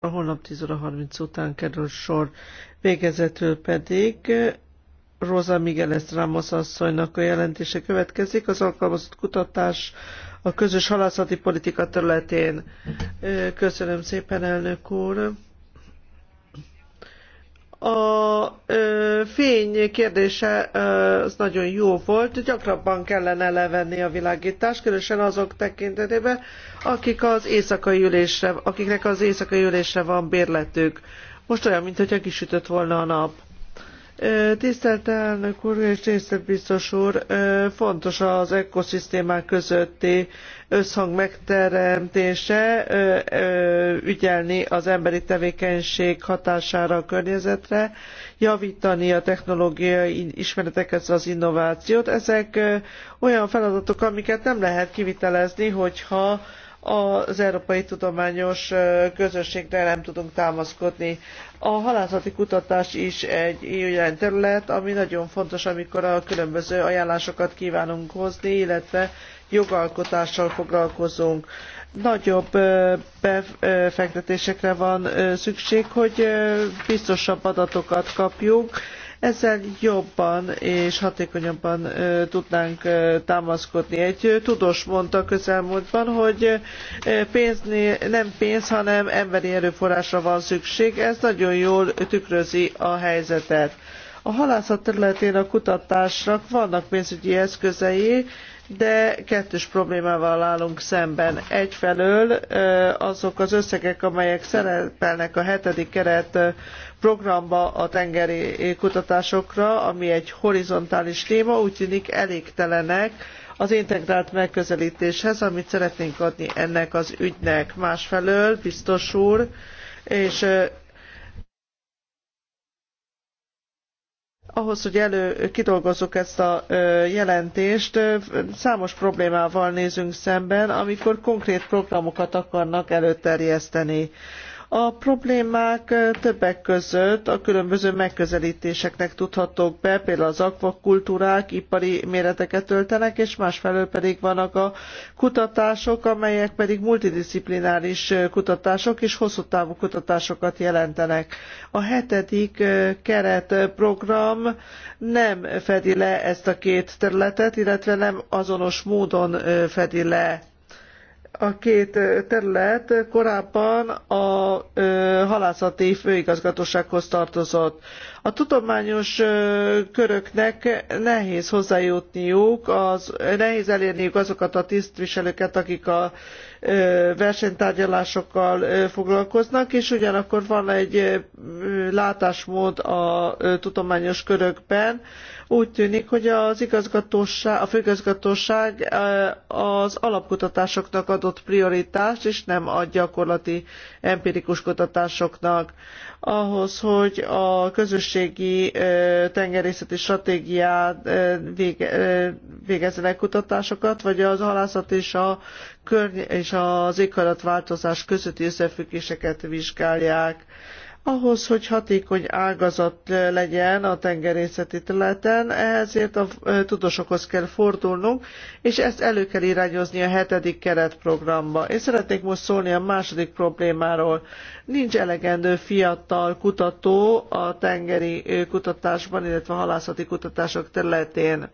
A holnap 10 óra 30 után kerül sor. Végezetül pedig eh, Rosa Migueles Ramos asszonynak a jelentése következik, az alkalmazott kutatás a közös halászati politika területén. Eh, köszönöm szépen, elnök úr! fény kérdése az nagyon jó volt, gyakrabban kellene levenni a világítást, különösen azok tekintetében, akik az éjszakai ülésre, akiknek az éjszakai ülésre van bérletük. Most olyan, mintha kisütött volna a nap. Tisztelt elnök úr és tisztelt biztos úr, fontos az ökoszisztémák közötti összhang megteremtése, ügyelni az emberi tevékenység hatására a környezetre, javítani a technológiai ismereteket, az innovációt. Ezek olyan feladatok, amiket nem lehet kivitelezni, hogyha az Európai Tudományos Közösségre nem tudunk támaszkodni. A halászati kutatás is egy olyan terület, ami nagyon fontos, amikor a különböző ajánlásokat kívánunk hozni, illetve jogalkotással foglalkozunk. Nagyobb befektetésekre van szükség, hogy biztosabb adatokat kapjunk, ezzel jobban és hatékonyabban tudnánk támaszkodni. Egy tudós mondta közelmúltban, hogy pénz, nem pénz, hanem emberi erőforrásra van szükség. Ez nagyon jól tükrözi a helyzetet. A halászat területén a kutatásnak vannak pénzügyi eszközei, de kettős problémával állunk szemben. Egyfelől azok az összegek, amelyek szerepelnek a hetedik keret programba a tengeri kutatásokra, ami egy horizontális téma, úgy tűnik elégtelenek az integrált megközelítéshez, amit szeretnénk adni ennek az ügynek. Másfelől, biztos úr, és ahhoz, hogy elő kidolgozzuk ezt a jelentést, számos problémával nézünk szemben, amikor konkrét programokat akarnak előterjeszteni. A problémák többek között a különböző megközelítéseknek tudhatók be, például az akvakultúrák ipari méreteket öltenek, és másfelől pedig vannak a kutatások, amelyek pedig multidisziplináris kutatások és hosszú távú kutatásokat jelentenek. A hetedik keretprogram nem fedi le ezt a két területet, illetve nem azonos módon fedi le a két terület korábban a halászati főigazgatósághoz tartozott. A tudományos köröknek nehéz hozzájutniuk, az, nehéz elérniük azokat a tisztviselőket, akik a versenytárgyalásokkal foglalkoznak, és ugyanakkor van egy látásmód a tudományos körökben. Úgy tűnik, hogy az igazgatóság, a főigazgatóság az alapkutatásoknak adott prioritást, és nem a gyakorlati empirikus kutatásoknak. Ahhoz, hogy a közösségi tengerészeti stratégiát végezzenek kutatásokat, vagy az halászat és, a és az éghajlatváltozás közötti összefüggéseket vizsgálják. Ahhoz, hogy hatékony ágazat legyen a tengerészeti területen, ehhezért a tudósokhoz kell fordulnunk, és ezt elő kell irányozni a hetedik keretprogramba. Én szeretnék most szólni a második problémáról. Nincs elegendő fiatal kutató a tengeri kutatásban, illetve a halászati kutatások területén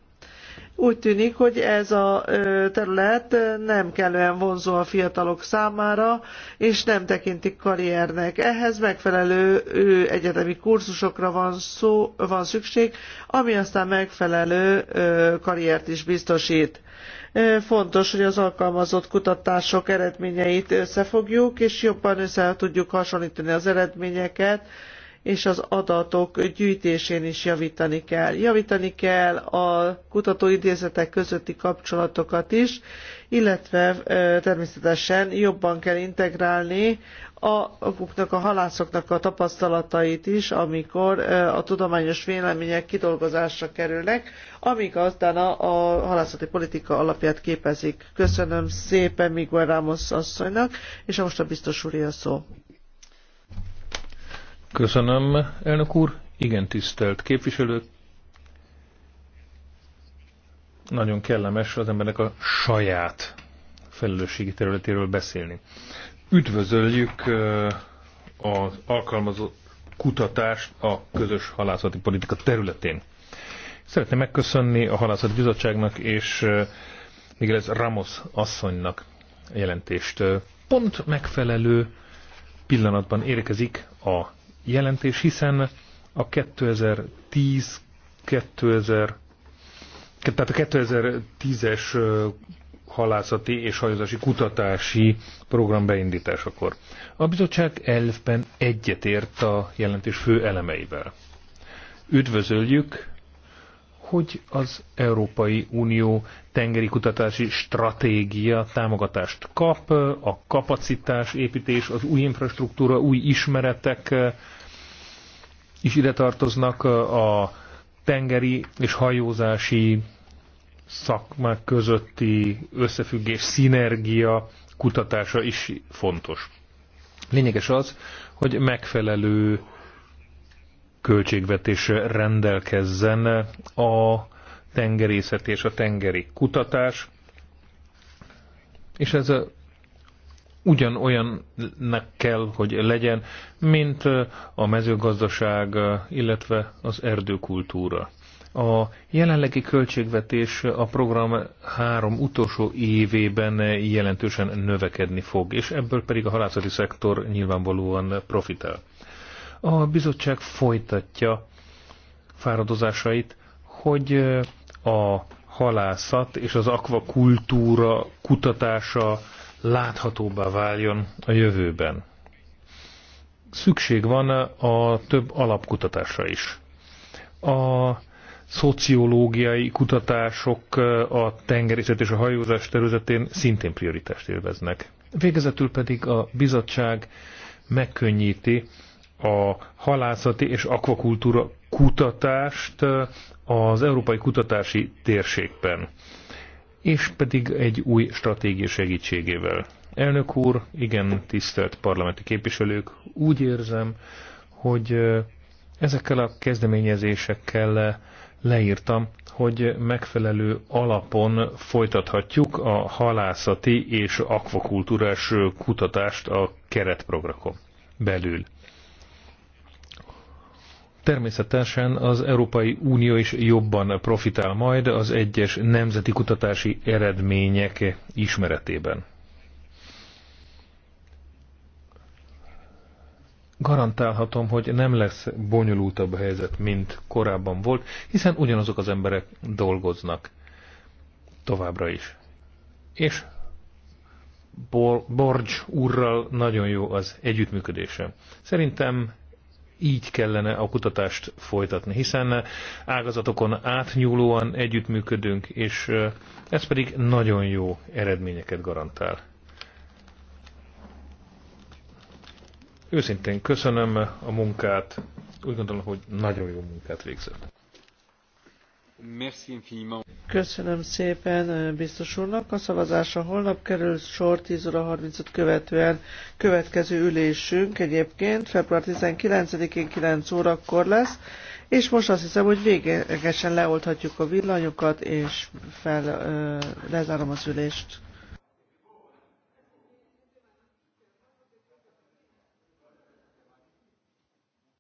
úgy tűnik, hogy ez a terület nem kellően vonzó a fiatalok számára, és nem tekintik karriernek. Ehhez megfelelő egyetemi kurzusokra van, szó, van szükség, ami aztán megfelelő karriert is biztosít. Fontos, hogy az alkalmazott kutatások eredményeit összefogjuk, és jobban össze tudjuk hasonlítani az eredményeket, és az adatok gyűjtésén is javítani kell. Javítani kell a kutatóintézetek közötti kapcsolatokat is, illetve természetesen jobban kell integrálni a, a halászoknak a tapasztalatait is, amikor a tudományos vélemények kidolgozásra kerülnek, amik aztán a, a halászati politika alapját képezik. Köszönöm szépen Miguel Ramos asszonynak, és most a biztos úr a szó. Köszönöm, elnök úr. Igen, tisztelt képviselők. Nagyon kellemes az embernek a saját felelősségi területéről beszélni. Üdvözöljük az alkalmazott kutatást a közös halászati politika területén. Szeretném megköszönni a Halászati Bizottságnak és Miguel Ramos asszonynak jelentést. Pont megfelelő pillanatban érkezik a jelentés, hiszen a 2010 2000 tehát a 2010-es halászati és hajózási kutatási program beindításakor. A bizottság elvben egyetért a jelentés fő elemeivel. Üdvözöljük hogy az Európai Unió tengeri kutatási stratégia támogatást kap, a kapacitás építés, az új infrastruktúra, új ismeretek eh, is ide tartoznak eh, a tengeri és hajózási szakmák közötti összefüggés, szinergia kutatása is fontos. Lényeges az, hogy megfelelő költségvetés rendelkezzen a tengerészet és a tengeri kutatás, és ez ugyanolyannak kell, hogy legyen, mint a mezőgazdaság, illetve az erdőkultúra. A jelenlegi költségvetés a program három utolsó évében jelentősen növekedni fog, és ebből pedig a halászati szektor nyilvánvalóan profitál. A bizottság folytatja fáradozásait, hogy a halászat és az akvakultúra kutatása láthatóbbá váljon a jövőben. Szükség van a több alapkutatásra is. A szociológiai kutatások a tengerészet és a hajózás területén szintén prioritást élveznek. Végezetül pedig a bizottság megkönnyíti a halászati és akvakultúra kutatást az európai kutatási térségben, és pedig egy új stratégia segítségével. Elnök úr, igen, tisztelt parlamenti képviselők, úgy érzem, hogy ezekkel a kezdeményezésekkel leírtam, hogy megfelelő alapon folytathatjuk a halászati és akvakultúrás kutatást a keretprogramon belül. Természetesen az Európai Unió is jobban profitál majd az egyes nemzeti kutatási eredmények ismeretében. garantálhatom, hogy nem lesz bonyolultabb helyzet, mint korábban volt, hiszen ugyanazok az emberek dolgoznak továbbra is. És Bor Borgy úrral nagyon jó az együttműködése. Szerintem így kellene a kutatást folytatni, hiszen ágazatokon átnyúlóan együttműködünk, és ez pedig nagyon jó eredményeket garantál. Őszintén köszönöm a munkát, úgy gondolom, hogy nagyon jó munkát végzett. Köszönöm szépen eh, biztos úrnak. A szavazásra holnap kerül sor 10 óra 35 követően következő ülésünk egyébként február 19-én 9 órakor lesz, és most azt hiszem, hogy véglegesen leolthatjuk a villanyokat, és fel, eh, lezárom az ülést.